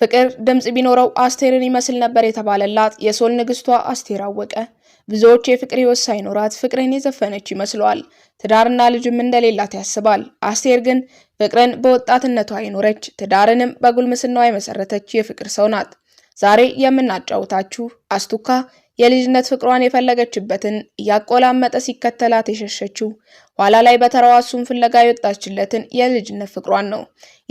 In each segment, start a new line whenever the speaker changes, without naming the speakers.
ፍቅር ድምፅ ቢኖረው አስቴርን ይመስል ነበር የተባለላት የሶል ንግስቷ አስቴር አወቀ ብዙዎች የፍቅር ህይወት ሳይኖራት ፍቅርን የዘፈነች ይመስለዋል። ትዳርና ልጅም እንደሌላት ያስባል። አስቴር ግን ፍቅርን በወጣትነቷ አይኖረች ትዳርንም በጉልምስናዋ የመሰረተች የፍቅር ሰው ናት። ዛሬ የምናጫውታችሁ አስቱካ የልጅነት ፍቅሯን የፈለገችበትን እያቆላመጠ ሲከተላት የሸሸችው ኋላ ላይ በተራዋ እሱን ፍለጋ የወጣችለትን የልጅነት ፍቅሯን ነው።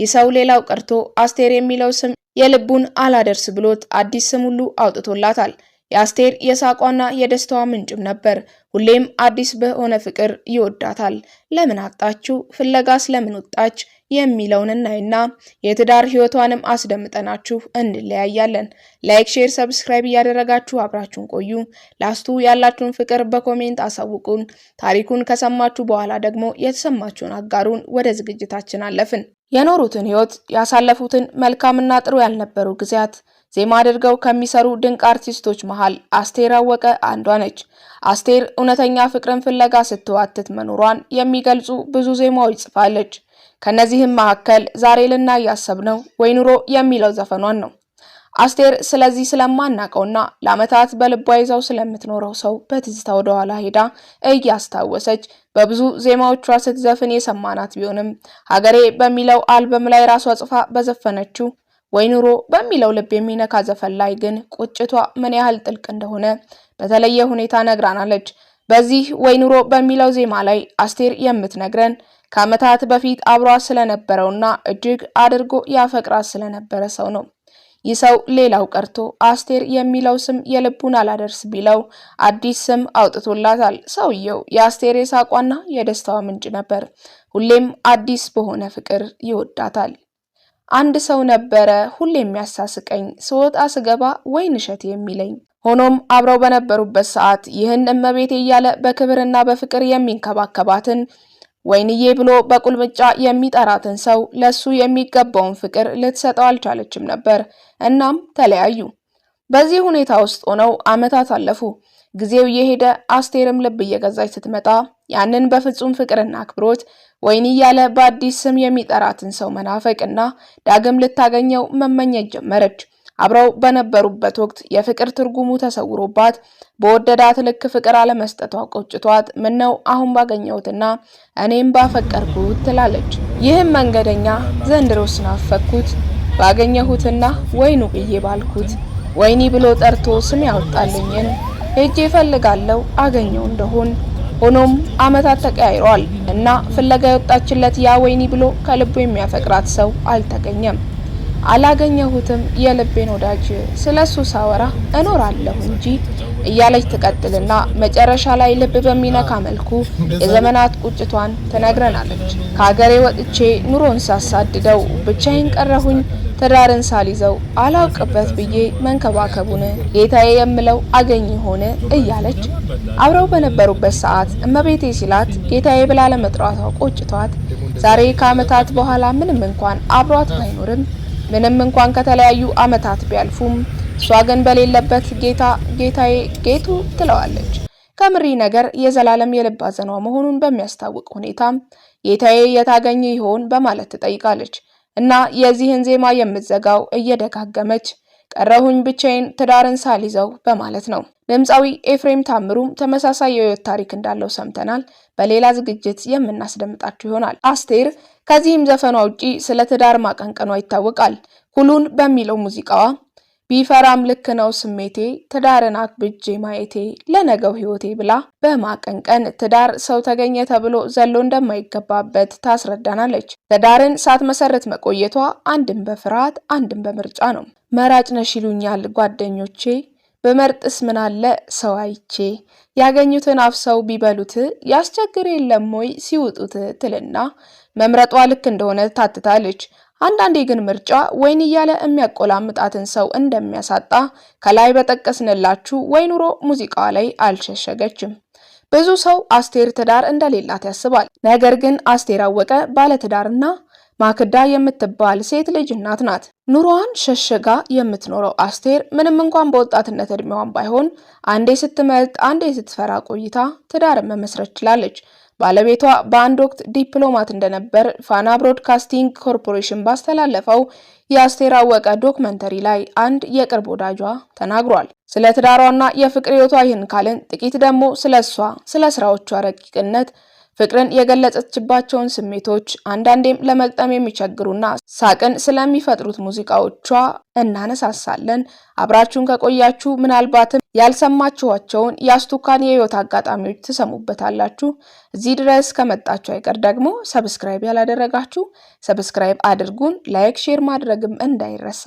ይህ ሰው ሌላው ቀርቶ አስቴር የሚለው ስም የልቡን አላደርስ ብሎት አዲስ ስም ሁሉ አውጥቶላታል። የአስቴር የሳቋና የደስታዋ ምንጭም ነበር። ሁሌም አዲስ በሆነ ፍቅር ይወዳታል። ለምን አጣችው? ፍለጋስ ለምን ወጣች? የሚለውን እናይና የትዳር ህይወቷንም አስደምጠናችሁ እንለያያለን። ላይክ፣ ሼር፣ ሰብስክራይብ እያደረጋችሁ አብራችሁን ቆዩ። ላስቱ ያላችሁን ፍቅር በኮሜንት አሳውቁን። ታሪኩን ከሰማችሁ በኋላ ደግሞ የተሰማችሁን አጋሩን። ወደ ዝግጅታችን አለፍን። የኖሩትን ህይወት ያሳለፉትን መልካምና ጥሩ ያልነበሩ ጊዜያት ዜማ አድርገው ከሚሰሩ ድንቅ አርቲስቶች መሃል አስቴር አወቀ አንዷ ነች። አስቴር እውነተኛ ፍቅርን ፍለጋ ስትዋትት መኖሯን የሚገልጹ ብዙ ዜማዎች ጽፋለች። ከነዚህም መካከል ዛሬ ልናይ ነው ወይ ኑሮ የሚለው ዘፈኗን ነው። አስቴር ስለዚህ ስለማናቀውና ለዓመታት በልቧ ይዘው ስለምትኖረው ሰው በትዝታ ወደኋላ ሄዳ እያስታወሰች በብዙ ዜማዎቿ ስትዘፍን የሰማናት ቢሆንም ሀገሬ በሚለው አልበም ላይ ራሷ ጽፋ በዘፈነችው ወይ ኑሮ በሚለው ልብ የሚነካ ዘፈን ላይ ግን ቁጭቷ ምን ያህል ጥልቅ እንደሆነ በተለየ ሁኔታ ነግራናለች። በዚህ ወይ ኑሮ በሚለው ዜማ ላይ አስቴር የምትነግረን ከዓመታት በፊት አብሯት ስለነበረውና እጅግ አድርጎ ያፈቅራት ስለነበረ ሰው ነው። ይህ ሰው ሌላው ቀርቶ አስቴር የሚለው ስም የልቡን አላደርስ ቢለው አዲስ ስም አውጥቶላታል። ሰውየው የአስቴር የሳቋና የደስታዋ ምንጭ ነበር። ሁሌም አዲስ በሆነ ፍቅር ይወዳታል። አንድ ሰው ነበረ ሁሌ የሚያሳስቀኝ፣ ስወጣ ስገባ ወይን እሸት የሚለኝ። ሆኖም አብረው በነበሩበት ሰዓት ይህን እመቤቴ እያለ በክብርና በፍቅር የሚንከባከባትን ወይንዬ ብሎ በቁልምጫ የሚጠራትን ሰው ለሱ የሚገባውን ፍቅር ልትሰጠው አልቻለችም ነበር። እናም ተለያዩ። በዚህ ሁኔታ ውስጥ ሆነው ዓመታት አለፉ። ጊዜው እየሄደ አስቴርም ልብ እየገዛች ስትመጣ ያንን በፍጹም ፍቅርና አክብሮት ወይን እያለ በአዲስ ስም የሚጠራትን ሰው መናፈቅና ዳግም ልታገኘው መመኘት ጀመረች። አብረው በነበሩበት ወቅት የፍቅር ትርጉሙ ተሰውሮባት በወደዳት ልክ ፍቅር አለመስጠቷ ቆጭቷት ምነው አሁን ባገኘሁትና እኔም ባፈቀርኩት ትላለች። ይህም መንገደኛ ዘንድሮ ስናፈኩት ባገኘሁትና ወይኑ ብዬ ባልኩት ወይኒ ብሎ ጠርቶ ስም ያወጣልኝን ሄጄ እፈልጋለሁ አገኘው እንደሆን ሆኖም አመታት ተቀያይሯል እና ፍለጋ የወጣችለት ያ ወይኒ ብሎ ከልቡ የሚያፈቅራት ሰው አልተገኘም። አላገኘሁትም የልቤን ወዳጅ ስለ እሱ ሳወራ እኖራለሁ እንጂ እያለች ትቀጥልና መጨረሻ ላይ ልብ በሚነካ መልኩ የዘመናት ቁጭቷን ትነግረናለች። ከሀገሬ ወጥቼ ኑሮን ሳሳድደው ብቻዬን ቀረሁኝ ትዳርን ሳልይዘው አላውቅበት ብዬ መንከባከቡን ጌታዬ የምለው አገኝ ሆነ እያለች አብረው በነበሩበት ሰዓት እመቤቴ ሲላት ጌታዬ ብላ ለመጥራቷ ቆጭቷት ዛሬ ከዓመታት በኋላ ምንም እንኳን አብሯት ባይኖርም ምንም እንኳን ከተለያዩ አመታት ቢያልፉም እሷ ግን በሌለበት ጌታ ጌታዬ ጌቱ ትለዋለች። ከምሪ ነገር የዘላለም የልብ ሐዘኗ መሆኑን በሚያስታውቅ ሁኔታ ጌታዬ የታገኘ ይሆን በማለት ትጠይቃለች እና የዚህን ዜማ የምትዘጋው እየደጋገመች ቀረሁኝ ብቻዬን ትዳርን ሳልይዘው በማለት ነው። ድምፃዊ ኤፍሬም ታምሩም ተመሳሳይ የህይወት ታሪክ እንዳለው ሰምተናል። በሌላ ዝግጅት የምናስደምጣችሁ ይሆናል። አስቴር ከዚህም ዘፈኗ ውጪ ስለ ትዳር ማቀንቀኗ ይታወቃል። ሁሉን በሚለው ሙዚቃዋ ቢፈራም ልክ ነው ስሜቴ ትዳርን አክብጄ ማየቴ ለነገው ህይወቴ ብላ በማቀንቀን ትዳር ሰው ተገኘ ተብሎ ዘሎ እንደማይገባበት ታስረዳናለች። ትዳርን መሰረት መቆየቷ አንድም በፍርሃት አንድም በምርጫ ነው። መራጭ ነሽ ይሉኛል ጓደኞቼ በመርጥስ ምን አለ ሰው አይቼ ያገኙትን አፍሰው ቢበሉት ያስቸግር የለም ወይ ሲውጡት ትልና መምረጧ ልክ እንደሆነ ታትታለች። አንዳንዴ ግን ምርጫ ወይን እያለ የሚያቆላምጣትን ሰው እንደሚያሳጣ ከላይ በጠቀስንላችሁ ወይ ኑሮ ሙዚቃዋ ላይ አልሸሸገችም። ብዙ ሰው አስቴር ትዳር እንደሌላት ያስባል። ነገር ግን አስቴር አወቀ ባለትዳርና ማክዳ የምትባል ሴት ልጅ እናት ናት። ኑሮዋን ሸሸጋ የምትኖረው አስቴር ምንም እንኳን በወጣትነት እድሜዋን ባይሆን አንዴ ስትመልጥ አንዴ ስትፈራ ቆይታ ትዳር መመስረት ችላለች። ባለቤቷ በአንድ ወቅት ዲፕሎማት እንደነበር ፋና ብሮድካስቲንግ ኮርፖሬሽን ባስተላለፈው የአስቴር አወቀ ዶክመንተሪ ላይ አንድ የቅርብ ወዳጇ ተናግሯል። ስለ ትዳሯና የፍቅር ሕይወቷ ይህን ካልን ጥቂት ደግሞ ስለ እሷ ስለ ስራዎቿ ረቂቅነት ፍቅርን የገለጸችባቸውን ስሜቶች አንዳንዴም ለመግጠም የሚቸግሩና ሳቅን ስለሚፈጥሩት ሙዚቃዎቿ እናነሳሳለን። አብራችሁን ከቆያችሁ ምናልባትም ያልሰማችኋቸውን የአስቱካን የህይወት አጋጣሚዎች ትሰሙበታላችሁ። እዚህ ድረስ ከመጣችሁ አይቀር ደግሞ ሰብስክራይብ ያላደረጋችሁ ሰብስክራይብ አድርጉን። ላይክ፣ ሼር ማድረግም እንዳይረሳ።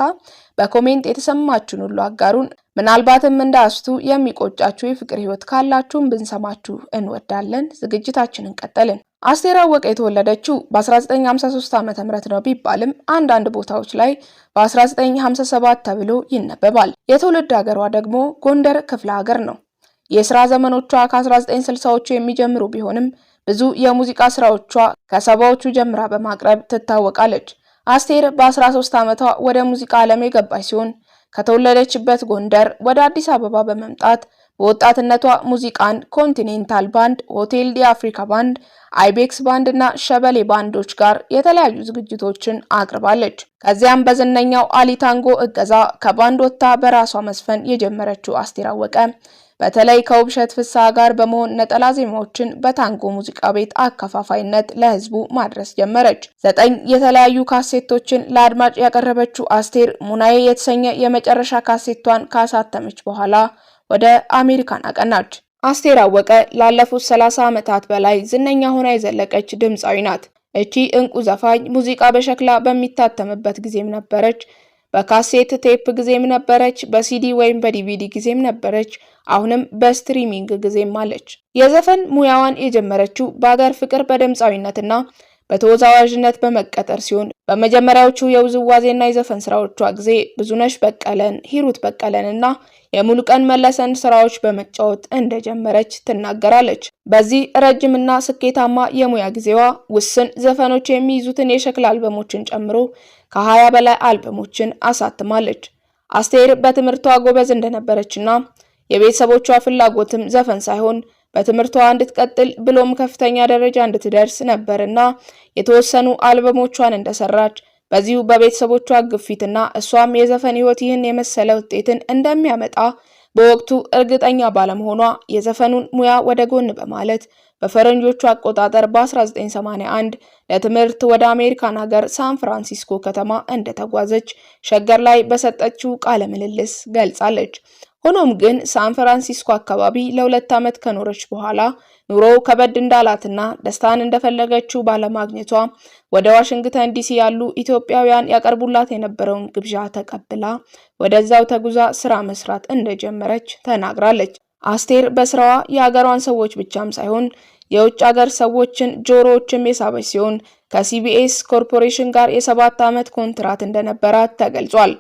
በኮሜንት የተሰማችሁን ሁሉ አጋሩን። ምናልባትም እንዳስቱ የሚቆጫችሁ የፍቅር ህይወት ካላችሁም ብንሰማችሁ እንወዳለን። ዝግጅታችንን ቀጠልን። አስቴር አወቀ የተወለደችው በ1953 ዓ ም ነው ቢባልም አንዳንድ ቦታዎች ላይ በ1957 ተብሎ ይነበባል። የትውልድ ሀገሯ ደግሞ ጎንደር ክፍለ ሀገር ነው። የስራ ዘመኖቿ ከ1960ዎቹ የሚጀምሩ ቢሆንም ብዙ የሙዚቃ ስራዎቿ ከሰባዎቹ ጀምራ በማቅረብ ትታወቃለች። አስቴር በ13 ዓመቷ ወደ ሙዚቃ ዓለም የገባች ሲሆን ከተወለደችበት ጎንደር ወደ አዲስ አበባ በመምጣት በወጣትነቷ ሙዚቃን ኮንቲኔንታል ባንድ፣ ሆቴል አፍሪካ ባንድ፣ አይቤክስ ባንድ እና ሸበሌ ባንዶች ጋር የተለያዩ ዝግጅቶችን አቅርባለች። ከዚያም በዝነኛው አሊ ታንጎ እገዛ ከባንድ ወጥታ በራሷ መስፈን የጀመረችው አስቴር አወቀ በተለይ ከውብሸት ፍስሐ ጋር በመሆን ነጠላ ዜማዎችን በታንጎ ሙዚቃ ቤት አከፋፋይነት ለህዝቡ ማድረስ ጀመረች። ዘጠኝ የተለያዩ ካሴቶችን ለአድማጭ ያቀረበችው አስቴር ሙናዬ የተሰኘ የመጨረሻ ካሴቷን ካሳተመች በኋላ ወደ አሜሪካን አቀናች። አስቴር አወቀ ላለፉት 30 ዓመታት በላይ ዝነኛ ሆና የዘለቀች ድምፃዊ ናት። እቺ እንቁ ዘፋኝ ሙዚቃ በሸክላ በሚታተምበት ጊዜም ነበረች በካሴት ቴፕ ጊዜም ነበረች፣ በሲዲ ወይም በዲቪዲ ጊዜም ነበረች፣ አሁንም በስትሪሚንግ ጊዜም አለች። የዘፈን ሙያዋን የጀመረችው በአገር ፍቅር በድምፃዊነትና በተወዛዋዥነት በመቀጠር ሲሆን በመጀመሪያዎቹ የውዝዋዜና የዘፈን ስራዎቿ ጊዜ ብዙነሽ በቀለን፣ ሂሩት በቀለን እና የሙሉቀን መለሰን ስራዎች በመጫወት እንደጀመረች ትናገራለች። በዚህ ረጅምና ስኬታማ የሙያ ጊዜዋ ውስን ዘፈኖች የሚይዙትን የሸክላ አልበሞችን ጨምሮ ከ20 በላይ አልበሞችን አሳትማለች። አስቴር በትምህርቷ ጎበዝ እንደነበረችና የቤተሰቦቿ ፍላጎትም ዘፈን ሳይሆን በትምህርቷ እንድትቀጥል ብሎም ከፍተኛ ደረጃ እንድትደርስ ነበርና የተወሰኑ አልበሞቿን እንደሰራች በዚሁ በቤተሰቦቿ ግፊትና እሷም የዘፈን ህይወት ይህን የመሰለ ውጤትን እንደሚያመጣ በወቅቱ እርግጠኛ ባለመሆኗ የዘፈኑን ሙያ ወደ ጎን በማለት በፈረንጆቹ አቆጣጠር በ1981 ለትምህርት ወደ አሜሪካን ሀገር ሳን ፍራንሲስኮ ከተማ እንደተጓዘች ሸገር ላይ በሰጠችው ቃለ ምልልስ ገልጻለች። ሆኖም ግን ሳን ፍራንሲስኮ አካባቢ ለሁለት ዓመት ከኖረች በኋላ ኑሮ ከበድ እንዳላትና ደስታን እንደፈለገችው ባለማግኘቷ ወደ ዋሽንግተን ዲሲ ያሉ ኢትዮጵያውያን ያቀርቡላት የነበረውን ግብዣ ተቀብላ ወደዛው ተጉዛ ስራ መስራት እንደጀመረች ተናግራለች። አስቴር በስራዋ የሀገሯን ሰዎች ብቻም ሳይሆን የውጭ ሀገር ሰዎችን ጆሮዎችም የሳበች ሲሆን ከሲቢኤስ ኮርፖሬሽን ጋር የሰባት ዓመት ኮንትራት እንደነበራት ተገልጿል።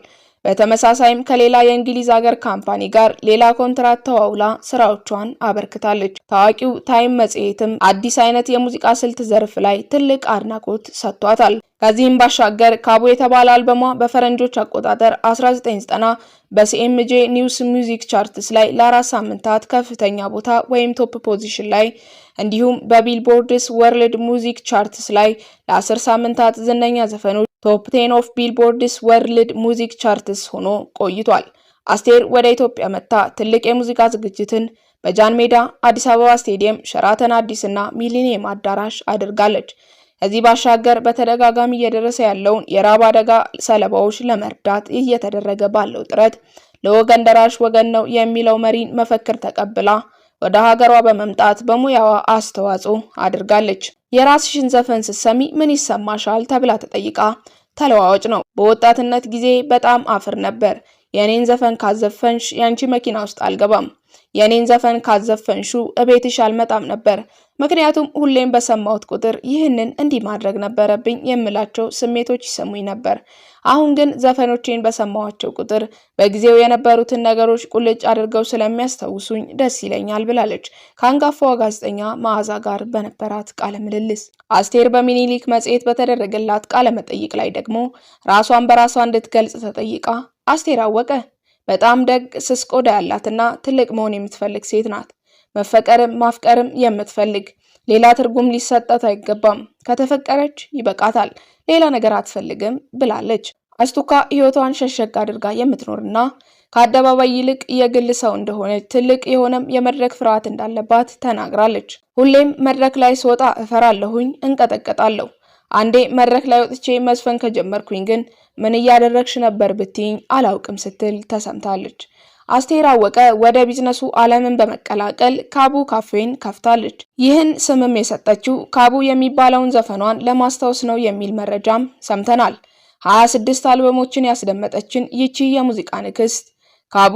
በተመሳሳይም ከሌላ የእንግሊዝ ሀገር ካምፓኒ ጋር ሌላ ኮንትራት ተዋውላ ስራዎቿን አበርክታለች። ታዋቂው ታይም መጽሔትም አዲስ አይነት የሙዚቃ ስልት ዘርፍ ላይ ትልቅ አድናቆት ሰጥቷታል። ከዚህም ባሻገር ካቦ የተባለ አልበሟ በፈረንጆች አቆጣጠር 1990 በሲኤምጄ ኒውስ ሚውዚክ ቻርትስ ላይ ለአራት ሳምንታት ከፍተኛ ቦታ ወይም ቶፕ ፖዚሽን ላይ እንዲሁም በቢልቦርድስ ወርልድ ሙዚክ ቻርትስ ላይ ለ10 ሳምንታት ዝነኛ ዘፈኖች ቶፕ ቴን ኦፍ ቢልቦርድስ ወርልድ ሙዚክ ቻርትስ ሆኖ ቆይቷል። አስቴር ወደ ኢትዮጵያ መጥታ ትልቅ የሙዚቃ ዝግጅትን በጃን ሜዳ፣ አዲስ አበባ ስቴዲየም፣ ሸራተን አዲስ እና ሚሊኒየም አዳራሽ አድርጋለች። ከዚህ ባሻገር በተደጋጋሚ እየደረሰ ያለውን የራብ አደጋ ሰለባዎች ለመርዳት እየተደረገ ባለው ጥረት ለወገን ደራሽ ወገን ነው የሚለው መሪን መፈክር ተቀብላ ወደ ሀገሯ በመምጣት በሙያዋ አስተዋጽኦ አድርጋለች። የራስሽን ዘፈን ስትሰሚ ምን ይሰማሻል ተብላ ተጠይቃ ተለዋዋጭ ነው። በወጣትነት ጊዜ በጣም አፍር ነበር የኔን ዘፈን ካዘፈንሽ ያንቺ መኪና ውስጥ አልገባም። የኔን ዘፈን ካዘፈንሹ እቤትሽ አልመጣም ነበር። ምክንያቱም ሁሌም በሰማሁት ቁጥር ይህንን እንዲህ ማድረግ ነበረብኝ የምላቸው ስሜቶች ይሰሙኝ ነበር። አሁን ግን ዘፈኖቼን በሰማኋቸው ቁጥር በጊዜው የነበሩትን ነገሮች ቁልጭ አድርገው ስለሚያስታውሱኝ ደስ ይለኛል ብላለች ከአንጋፋዋ ጋዜጠኛ መዓዛ ጋር በነበራት ቃለ ምልልስ። አስቴር በሚኒሊክ መጽሔት በተደረገላት ቃለ መጠይቅ ላይ ደግሞ ራሷን በራሷ እንድትገልጽ ተጠይቃ አስቴር አወቀ በጣም ደግ ስስ ቆዳ ያላትና ትልቅ መሆን የምትፈልግ ሴት ናት። መፈቀርም ማፍቀርም የምትፈልግ ሌላ ትርጉም ሊሰጣት አይገባም። ከተፈቀረች ይበቃታል፣ ሌላ ነገር አትፈልግም ብላለች። አስቱካ ህይወቷን ሸሸግ አድርጋ የምትኖርና ከአደባባይ ይልቅ የግል ሰው እንደሆነች ትልቅ የሆነም የመድረክ ፍርሃት እንዳለባት ተናግራለች። ሁሌም መድረክ ላይ ስወጣ እፈራለሁኝ፣ እንቀጠቀጣለሁ አንዴ መድረክ ላይ ወጥቼ መዝፈን ከጀመርኩኝ ግን ምን እያደረግሽ ነበር ብትኝ አላውቅም ስትል ተሰምታለች። አስቴር አወቀ ወደ ቢዝነሱ ዓለምን በመቀላቀል ካቡ ካፌን ከፍታለች። ይህን ስምም የሰጠችው ካቡ የሚባለውን ዘፈኗን ለማስታወስ ነው የሚል መረጃም ሰምተናል። 26 ስድስት አልበሞችን ያስደመጠችን ይቺ የሙዚቃ ንግስት ካቡ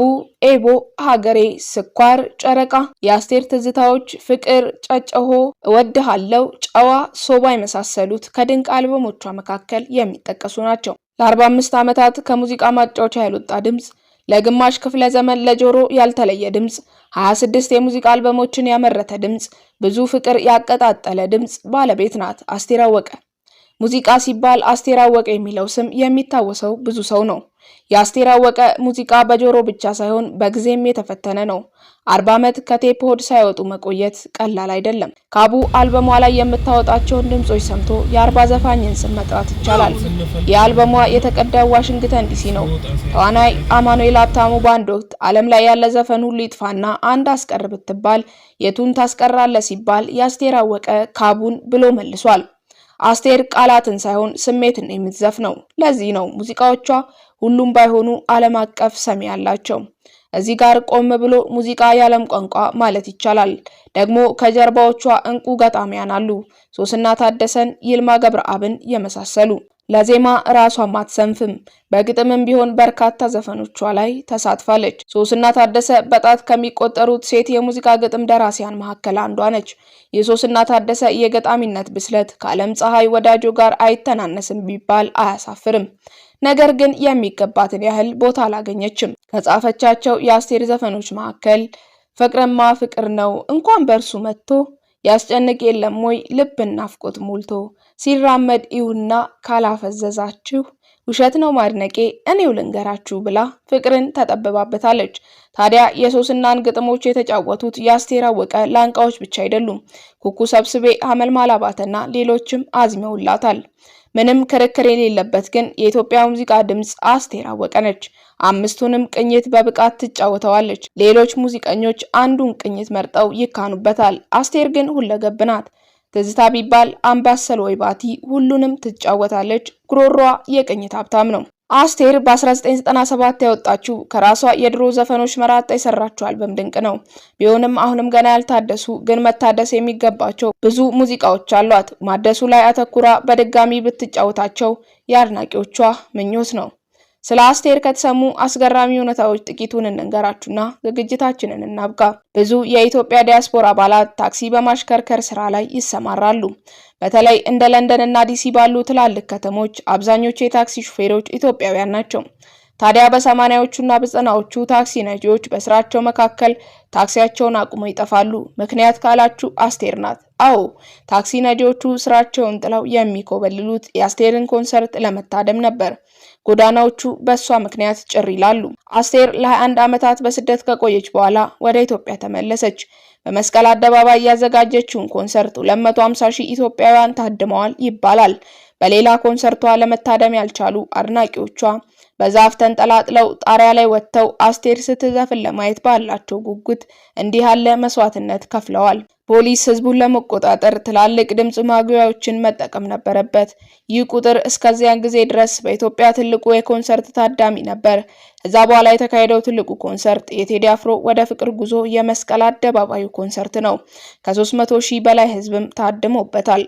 ኤቦ ሀገሬ ስኳር ጨረቃ የአስቴር ትዝታዎች ፍቅር ጨጨሆ እወድሃለው ጨዋ ሶባ የመሳሰሉት ከድንቅ አልበሞቿ መካከል የሚጠቀሱ ናቸው። ለ45 ዓመታት ከሙዚቃ ማጫወቻ ያልወጣ ድምፅ፣ ለግማሽ ክፍለ ዘመን ለጆሮ ያልተለየ ድምፅ፣ 26 የሙዚቃ አልበሞችን ያመረተ ድምፅ፣ ብዙ ፍቅር ያቀጣጠለ ድምፅ ባለቤት ናት አስቴር አወቀ። ሙዚቃ ሲባል አስቴር አወቀ የሚለው ስም የሚታወሰው ብዙ ሰው ነው። የአስቴር አወቀ ሙዚቃ በጆሮ ብቻ ሳይሆን በጊዜም የተፈተነ ነው። አርባ ዓመት ከቴፕ ሆድ ሳይወጡ መቆየት ቀላል አይደለም። ካቡ አልበሟ ላይ የምታወጣቸውን ድምጾች ሰምቶ የአርባ ዘፋኝን ስም መጥራት ይቻላል። የአልበሟ የተቀዳው ዋሽንግተን ዲሲ ነው። ተዋናይ አማኑኤል አብታሙ በአንድ ወቅት ዓለም ላይ ያለ ዘፈን ሁሉ ይጥፋና አንድ አስቀር ብትባል የቱን ታስቀራለ ሲባል የአስቴር አወቀ ካቡን ብሎ መልሷል። አስቴር ቃላትን ሳይሆን ስሜትን የምትዘፍነው። ለዚህ ነው ሙዚቃዎቿ ሁሉም ባይሆኑ ዓለም አቀፍ ሰሚ ያላቸው። እዚህ ጋር ቆም ብሎ ሙዚቃ የዓለም ቋንቋ ማለት ይቻላል። ደግሞ ከጀርባዎቿ እንቁ ገጣሚያን አሉ፣ ሶስና ታደሰን፣ ይልማ ገብረአብን የመሳሰሉ ለዜማ ራሷም አትሰንፍም። በግጥምም ቢሆን በርካታ ዘፈኖቿ ላይ ተሳትፋለች። ሶስና ታደሰ በጣት ከሚቆጠሩት ሴት የሙዚቃ ግጥም ደራሲያን መካከል አንዷ ነች። የሶስና ታደሰ የገጣሚነት ብስለት ከዓለም ፀሐይ ወዳጆ ጋር አይተናነስም ቢባል አያሳፍርም። ነገር ግን የሚገባትን ያህል ቦታ አላገኘችም። ከጻፈቻቸው የአስቴር ዘፈኖች መካከል ፍቅርማ ፍቅር ነው፣ እንኳን በእርሱ መጥቶ ያስጨንቅ የለም ወይ ልብ ናፍቆት ሞልቶ ሲራመድ ይሁና ካላፈዘዛችሁ ውሸት ነው ማድነቄ እኔው ልንገራችሁ ብላ ፍቅርን ተጠብባበታለች። ታዲያ የሶስናን ግጥሞች የተጫወቱት የአስቴር አወቀ ላንቃዎች ብቻ አይደሉም። ኩኩ ሰብስቤ፣ አመልማላባትና አባተና ሌሎችም አዝመውላታል። ምንም ክርክር የሌለበት ግን የኢትዮጵያ ሙዚቃ ድምፅ አስቴር አወቀ ነች። አምስቱንም ቅኝት በብቃት ትጫወተዋለች። ሌሎች ሙዚቀኞች አንዱን ቅኝት መርጠው ይካኑበታል። አስቴር ግን ሁለገብ ናት። ትዝታ ቢባል አምባሰል ወይባቲ ሁሉንም ትጫወታለች። ጉሮሯ የቅኝት ሀብታም ነው። አስቴር በ1997 ያወጣችው ከራሷ የድሮ ዘፈኖች መራጣ የሰራችው አልበም ድንቅ ነው። ቢሆንም አሁንም ገና ያልታደሱ ግን መታደስ የሚገባቸው ብዙ ሙዚቃዎች አሏት። ማደሱ ላይ አተኩራ በድጋሚ ብትጫወታቸው የአድናቂዎቿ ምኞት ነው። ስለ አስቴር ከተሰሙ አስገራሚ እውነታዎች ጥቂቱን እንንገራችሁና ዝግጅታችንን እናብቃ። ብዙ የኢትዮጵያ ዲያስፖራ አባላት ታክሲ በማሽከርከር ስራ ላይ ይሰማራሉ። በተለይ እንደ ለንደን እና ዲሲ ባሉ ትላልቅ ከተሞች አብዛኞቹ የታክሲ ሹፌሮች ኢትዮጵያውያን ናቸው። ታዲያ በሰማኒያዎቹና በዘጠናዎቹ ታክሲ ነጂዎች በስራቸው መካከል ታክሲያቸውን አቁመው ይጠፋሉ። ምክንያት ካላችሁ አስቴር ናት። አዎ ታክሲ ነጂዎቹ ስራቸውን ጥለው የሚኮበልሉት የአስቴርን ኮንሰርት ለመታደም ነበር። ጎዳናዎቹ በእሷ ምክንያት ጭር ይላሉ። አስቴር ለ21 ዓመታት በስደት ከቆየች በኋላ ወደ ኢትዮጵያ ተመለሰች። በመስቀል አደባባይ ያዘጋጀችውን ኮንሰርት 250 ሺህ ኢትዮጵያውያን ታድመዋል ይባላል። በሌላ ኮንሰርቷ ለመታደም ያልቻሉ አድናቂዎቿ በዛፍ ተንጠላጥለው ጣሪያ ላይ ወጥተው አስቴር ስትዘፍን ለማየት ባላቸው ጉጉት እንዲህ ያለ መስዋዕትነት ከፍለዋል። ፖሊስ ህዝቡን ለመቆጣጠር ትላልቅ ድምፅ ማጉያዎችን መጠቀም ነበረበት። ይህ ቁጥር እስከዚያን ጊዜ ድረስ በኢትዮጵያ ትልቁ የኮንሰርት ታዳሚ ነበር። ከዛ በኋላ የተካሄደው ትልቁ ኮንሰርት የቴዲ አፍሮ ወደ ፍቅር ጉዞ የመስቀል አደባባዩ ኮንሰርት ነው። ከ300 ሺህ በላይ ህዝብም ታድሞበታል።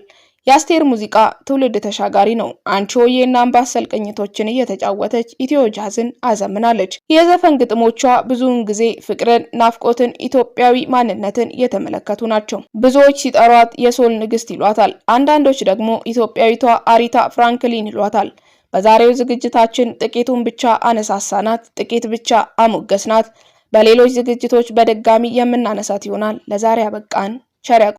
የአስቴር ሙዚቃ ትውልድ ተሻጋሪ ነው። አንቺ ሆዬ አምባሰል ቅኝቶችን እየተጫወተች ኢትዮ ጃዝን አዘምናለች። የዘፈን ግጥሞቿ ብዙውን ጊዜ ፍቅርን፣ ናፍቆትን፣ ኢትዮጵያዊ ማንነትን የተመለከቱ ናቸው። ብዙዎች ሲጠሯት የሶል ንግስት ይሏታል። አንዳንዶች ደግሞ ኢትዮጵያዊቷ አሪታ ፍራንክሊን ይሏታል። በዛሬው ዝግጅታችን ጥቂቱን ብቻ አነሳሳናት፣ ጥቂት ብቻ አሞገስናት። በሌሎች ዝግጅቶች በድጋሚ የምናነሳት ይሆናል። ለዛሬ አበቃን። ቸር